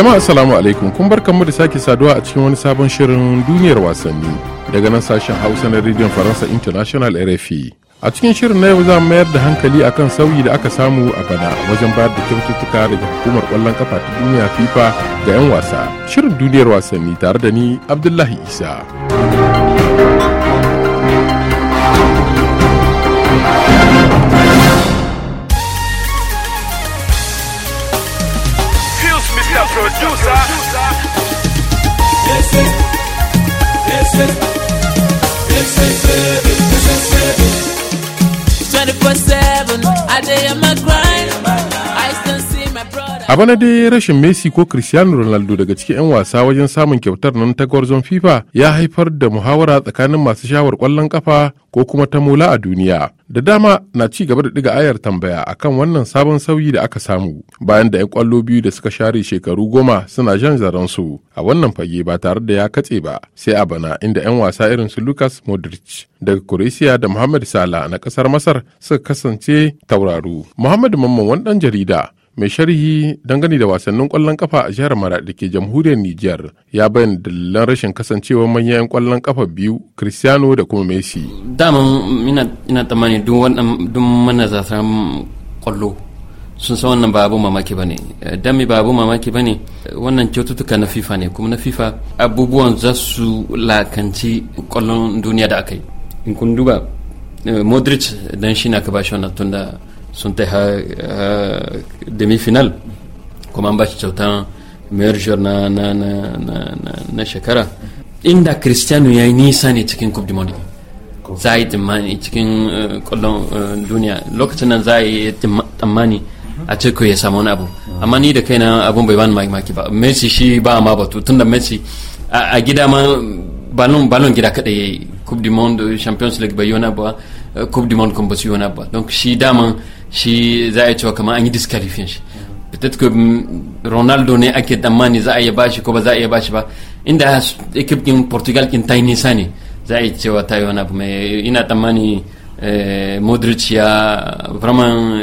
jama'a assalamu alaikum kun bar mu da sake saduwa a cikin wani sabon shirin duniyar wasanni daga nan sashen hausa na rediyon faransa international rfi a cikin shirin na yau za mu mayar da hankali akan sauyi da aka samu a bana wajen bayar da kyaututtuka daga hukumar kwallon kafa ta duniya fifa ga 'yan wasa shirin duniyar wasanni tare da ni abdullahi isa 24 7. I day I'm a a bana dai rashin messi ko cristiano ronaldo daga cikin 'yan wasa wajen samun kyautar nan ta gwarzon fifa ya haifar da muhawara tsakanin masu shawar kwallon kafa ko kuma ta mola a duniya da dama na ci gaba da diga ayar tambaya akan wannan sabon sauyi da aka samu bayan da 'yan kwallo biyu da suka share shekaru goma suna jan su a wannan fage ba tare da ya katse ba sai a bana inda 'yan wasa irin su lucas modric daga croatia da muhammad sala na kasar masar suka kasance tauraro muhammad mamman wani dan jarida mai sharhi dangane da wasannin kwallon kafa a jihar mara da ke jamhuriyar niger ya bayyana dalilan rashin kasancewar manyan kwallon kafa biyu cristiano da kuma messi daman ina tsammani duk manazartan kwallo sun san wannan ba abu mamaki ba ne dami ba abu mamaki ba ne wannan kyaututtuka na fifa ne kuma na fifa abubuwan za su lakanci kwallon duniya da aka yi in kun duba eh, modric dan shi na ka shi wannan tunda sun ta eh, demi-final kuma an ba shi kyauta mayar na na na na shekara inda cristiano ya e yi nisa ne cikin coupe du monde za a yi tsammani cikin kwallon duniya lokacin nan za a yi tsammani a ce ya samu wani abu amma ni da kaina abun bai bani maki ba messi shi ba ma batu tunda messi a gida ma balon balon gida kada yayi coupe du monde champions league bai yi wani abu ba eh, coupe du monde kuma ba su yi wani ba donc shi daman shi za a cewa kamar an yi diskarifin shi peut-être que Ronaldo ne ake tsammani za a iya bashi ko ba za a iya bashi ba inda ekip din Portugal kin ta nisa ne za a cewa ta yi wani abu mai ina tsammani eh, Modric ya vraiment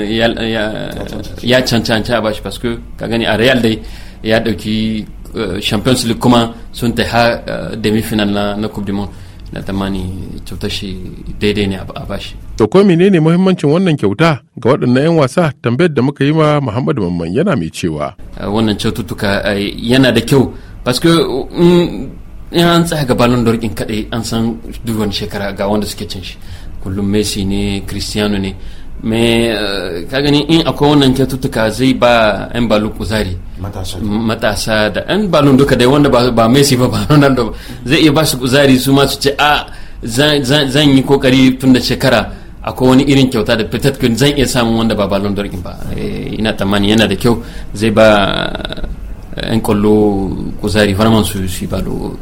ya cancanci a bashi parce que ka gani a Real dai ya dauki eh, Champions League kuma sun ta ha eh, demi-final na Coupe du Monde na tsammani kyautar shi daidai ne a bashi. To ko menene muhimmancin wannan kyauta ga waɗannan 'yan wasa tambayar da muka yi ma Muhammadu Mamman yana mai cewa. Wannan kyaututtuka yana da kyau paske mm, in an tsaya ga balon dorkin kaɗai an san duk wani shekara ga wanda suke cin shi kullum Messi ne Cristiano ne me eh, ka gani in akwai wannan kyaututtuka zai ba 'yan balon kuzari matasa da 'yan balon duka dai wanda ba messi ba ba ronaldo ba zai iya ba su kuzari su ma su ce a zan yi kokari tun da shekara akwai wani irin kyauta da fitatkin zan iya samun wanda ba balon dorkin ba eh, ina tamani yana da kyau zai ba eh, 'yan kwallo kuzari farman su shi balo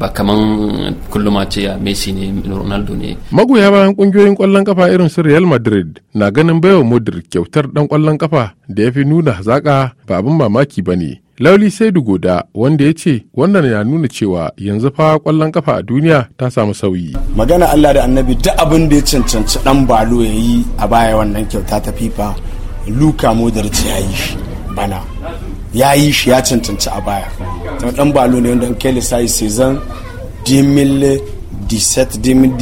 ba kaman kullum ce ya Messi ne Ronaldo ne. Magoya bayan kungiyoyin kwallon kafa irin su Real Madrid na ganin baiwa Modric kyautar dan kwallon kafa da ya fi nuna hazaƙa ba abin mamaki ba ne. Lauli sai Goda wanda ya ce wannan ya nuna cewa yanzu fa kwallon kafa a duniya ta samu sauyi. Magana Allah da Annabi duk abin da ya cancanci dan balo ya yi a baya wannan kyauta ta FIFA Luka Modric ya yi bana. ya yi shi ya cancanci a baya dan balo ne wanda kele sai season 2017-2018 din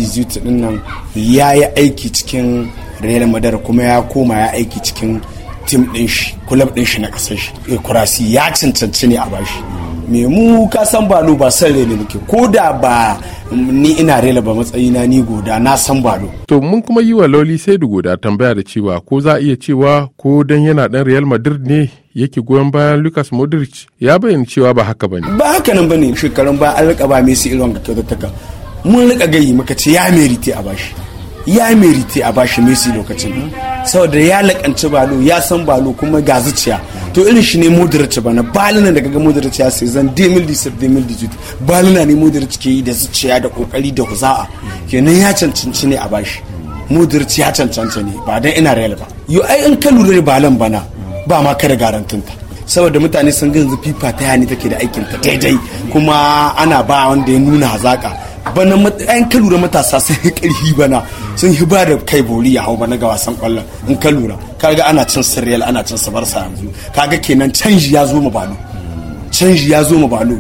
nan ya yi aiki cikin real madar kuma ya koma ya aiki cikin tim din shi kulab din shi na kasar shi eh, kurasi ya cancanci ne a bashi me mu ka san balo ba san rene muke ko da ba ni ina rela ba matsayina ni goda na san balo to mun kuma yi wa loli sai da goda tambaya da cewa ko za a iya cewa ko dan yana dan real madrid ne yake goyon bayan Lucas Modric ya bayyana cewa ba haka bane. Ba haka nan bane shekarun ba an rika ba Messi irin ta kyaututtuka. Mun rika gayi muka ce ya merite a bashi. Ya merite a bashi Messi lokacin. Saboda ya lakanci balo ya san balo kuma ga zuciya. To irin shi ne Modric na balina da ga Modric ya sai zan jut balina ne Modric ke yi da zuciya da kokari da huza'a. Kenan ya cancanci ne a bashi. Modric ya cancanta ne ba dan ina Real ba. Yo ai in ka lura da balan bana ba ma kada garantinta saboda mutane sun ganzu yanzu fifa ta yani take da aikin ta daidai kuma ana ba wanda ya nuna hazaka bana an ka lura matasa sun yi karfi bana sun yi ba da kai bori ya hau bana ga wasan kwallon in ka lura kaga ana cin sirriyal ana cin sa yanzu kaga kenan canji ya zo mu balo canji ya zo mu balo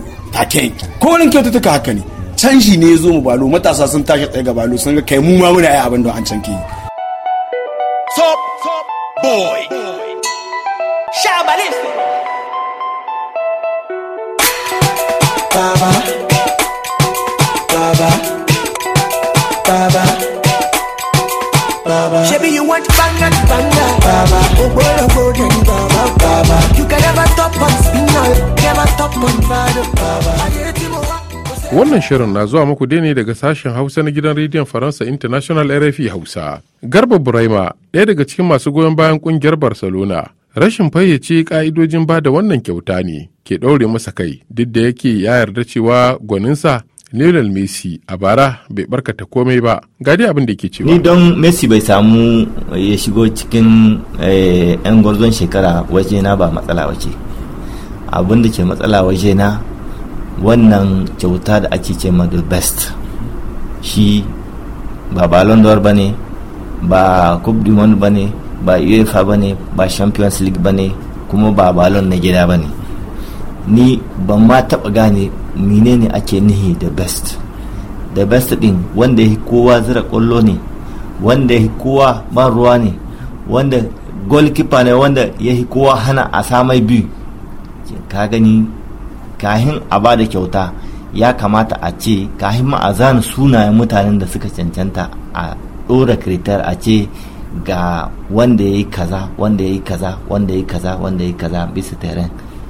ke ko wani tuka haka ne canji ne ya zo mu balo matasa sun tashi tsaye ga balo sun ga kai mu ma muna yi abin da an can ke Top, top, boy. Baba Baba Baba Baba Shebi you want banga banga Baba Ogboro golden Baba Baba You can never top on spinal Never top on vinyl Baba Wannan shirin na zuwa muku ne daga sashen Hausa na gidan rediyon Faransa International RFI Hausa. Garba Buraima, ɗaya daga cikin masu goyon bayan ƙungiyar Barcelona, rashin fayyace ka'idojin ba da wannan kyauta ne ke ɗaure masa kai duk da yake ya yarda cewa gwaninsa Lionel Messi a bara bai barkata komai ba ga dai abin da ke cewa. Ni don Messi bai samu eh, ya shigo cikin 'yan eh, gwarzon shekara waje na ba matsala waje. Abin da ke matsala waje na wannan kyauta da ake ce ma best shi ba balon d'or ba ne ba cup du monde ba ne ba uefa ba ne ba champions league ba ne kuma ba balon na gida ba ne ni ban ma taɓa gane mine ne ake nihi the best the best ɗin wanda ya kowa zira kwallo ne wanda ya kowa ban ruwa ne wanda goalkeeper ne wanda ya kowa hana a samai biyu ka gani kahin a ba da kyauta ya kamata a ce kahin ma a zana sunayen mutanen da suka cancanta a ɗora kiritar a ce ga wanda ya yi kaza wanda ya yi kaza wanda ya yi kaza wanda ya yi kaza bisa shi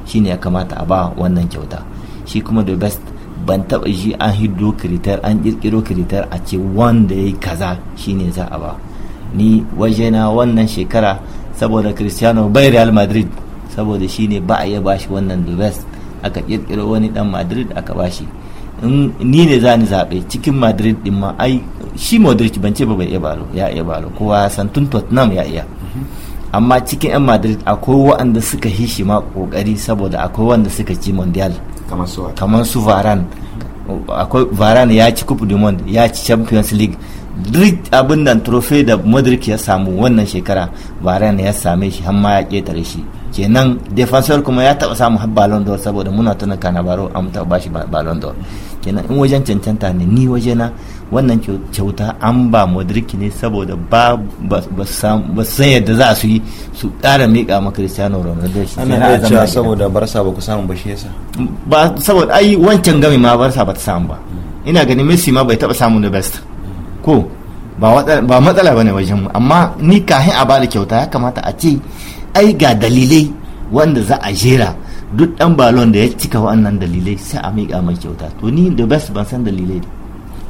shine ya kamata a ba wannan kyauta shi kuma the best ban taba shi an hiddo kiritar an kirkiro kiritar a ce wanda ya yi kaza shine za a ba ni wajena wannan shekara saboda cristiano bai real madrid saboda shine ba a iya bashi wannan the best aka kirkiro wani dan madrid aka bashi ni ne za ni zaɓe cikin madrid din ma ai shi modric ban ce ba bai iya balo ya iya balo kowa san tun tottenham ya iya amma cikin 'yan madrid akwai waɗanda suka yi shi ma kokari saboda akwai waɗanda suka ci mondial kamar su varan akwai varan ya ci coupe du monde ya ci champions league duk abin da trofe da modric ya samu wannan shekara varane ya same shi har ma ya ketare shi kenan defensor kuma ya taba samu har ballon d'or saboda muna tuna kanabaro an taba bashi ballon d'or kenan in wajen cancanta ne ni wajena wannan kyauta an ba modric ne saboda ba ba san yadda za su yi su ƙara mika ma cristiano ronaldo shi ana iya cewa saboda barsa ba ku samu ba shi yasa ba saboda ai wancan gami ma barsa ba ta samu ba ina gani messi ma bai taba samu the best ko ba matsala ba ne wajen mu amma ni kahin a bada kyauta ya kamata a ce ai ga dalilai wanda za a jera duk dan balon da ya cika wannan dalilai sai a miƙa mai kyauta to ni da best ban san dalilai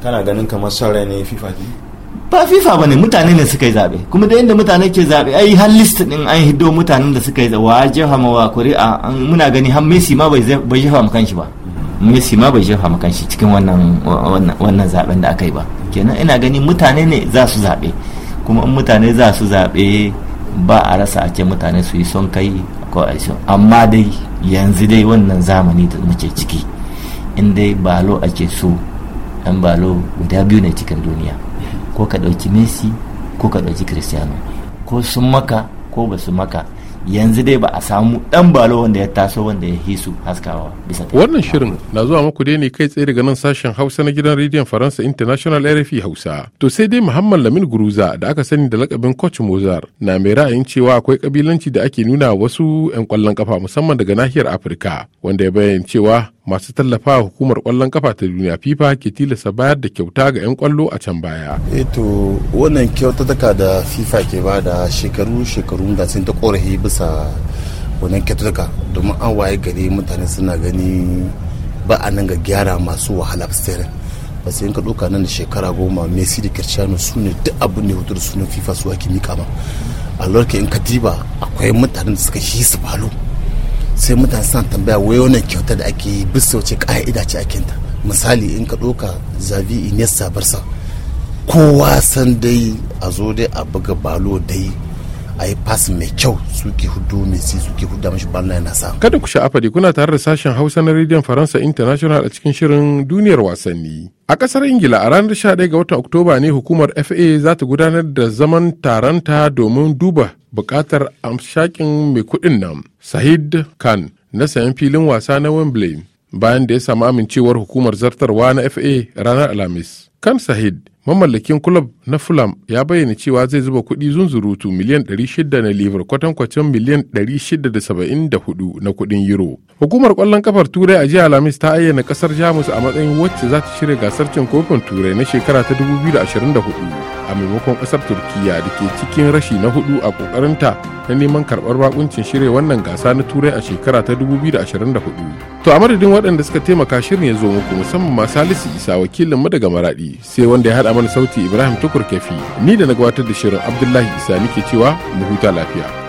kana ganin kamar son ne fifa ne ba fifa bane mutane ne suka yi zabe kuma da inda mutane ke zabe ai har list din an hiddo mutanen da suka yi zabe wa jefa ma wa kuri'a muna gani har Messi ma bai jefa ma kanshi ba Messi ma bai jefa ma kanshi cikin wannan wannan zaben da aka yi ba kenan ina gani mutane ne za su zaɓe kuma in mutane za su zaɓe ba a rasa a ce mutane su yi son kai ko a amma dai yanzu dai wannan zamani da muke ciki in dai balo ake so ɗan balo guda biyu ne cikin duniya ko ka ɗauki messi ko ka ɗauki cristiano ko sun maka ko ba su maka yanzu dai ba a samu dan balo wanda ya taso wanda ya hisu haskawa bisa wannan shirin na zuwa muku dai ne kai tsaye daga nan sashen hausa na gidan rediyon faransa international rfi hausa to sai dai muhammad lamin guruza da aka sani da lakabin coach mozar na mai ra'ayin cewa akwai kabilanci da ake nuna wasu 'yan kwallon kafa musamman daga nahiyar afirka wanda ya bayyana cewa masu tallafa hukumar kwallon kafa ta duniya fifa ke tilasta bayar da kyauta ga 'yan kwallo a can baya eto eh wannan kyautataka da fifa ke ba da shekaru shekaru da sun ta korafi bisa wannan kyautataka domin an waye gari mutane suna gani ba a nan ga gyara masu wahala fasirin ba sai ka ɗauka nan da shekara goma messi da cristiano su ne duk abin da hutar sunan fifa su ake mika ba a lokacin in ka diba akwai mutanen da suka shi su falo sai mutane suna tambaya wai wannan kyauta da ake yi bisa wace ka'ida ce ake ta misali in ka ɗauka zabi inesa barsa kowa san dai a zo dai a buga balo dai a yi pass mai kyau su hudu mesi su ke hudu mashi ballon yana samu. kada ku sha'afa kuna tare da sashen hausa na rediyon faransa international a cikin shirin duniyar wasanni. A kasar Ingila a ranar 11 ga watan Oktoba ne hukumar FA za ta gudanar da zaman taranta domin duba bukatar amshakin mai kuɗin nan, Sahid Khan na sayan filin wasa na Wembley bayan da ya samu amincewar hukumar zartarwa na FA ranar Alhamis. Kan Sahid mamallakin kulob na fulham ya bayyana cewa zai zuba kuɗi zunzurutu miliyan 600 na kwatan kwatankwacin miliyan 674 na kuɗin euro hukumar ƙwallon kafar turai a jiya alhamis ta ayyana kasar jamus a matsayin wacce za ta shirya gasar cin kofin turai na shekara ta 2024 a maimakon kasar turkiya da ke cikin rashi na hudu a ƙoƙarinta na neman karbar bakuncin shirya wannan gasa na turai a shekara ta 2024 to a madadin waɗanda suka taimaka shirin ya zo muku musamman ma salisu isa wakilinmu daga maraɗi sai wanda ya haɗa haɗa mana sauti Ibrahim Tukur Kefi. ni da na gabatar da shirin Abdullahi Isa nake cewa mu huta lafiya.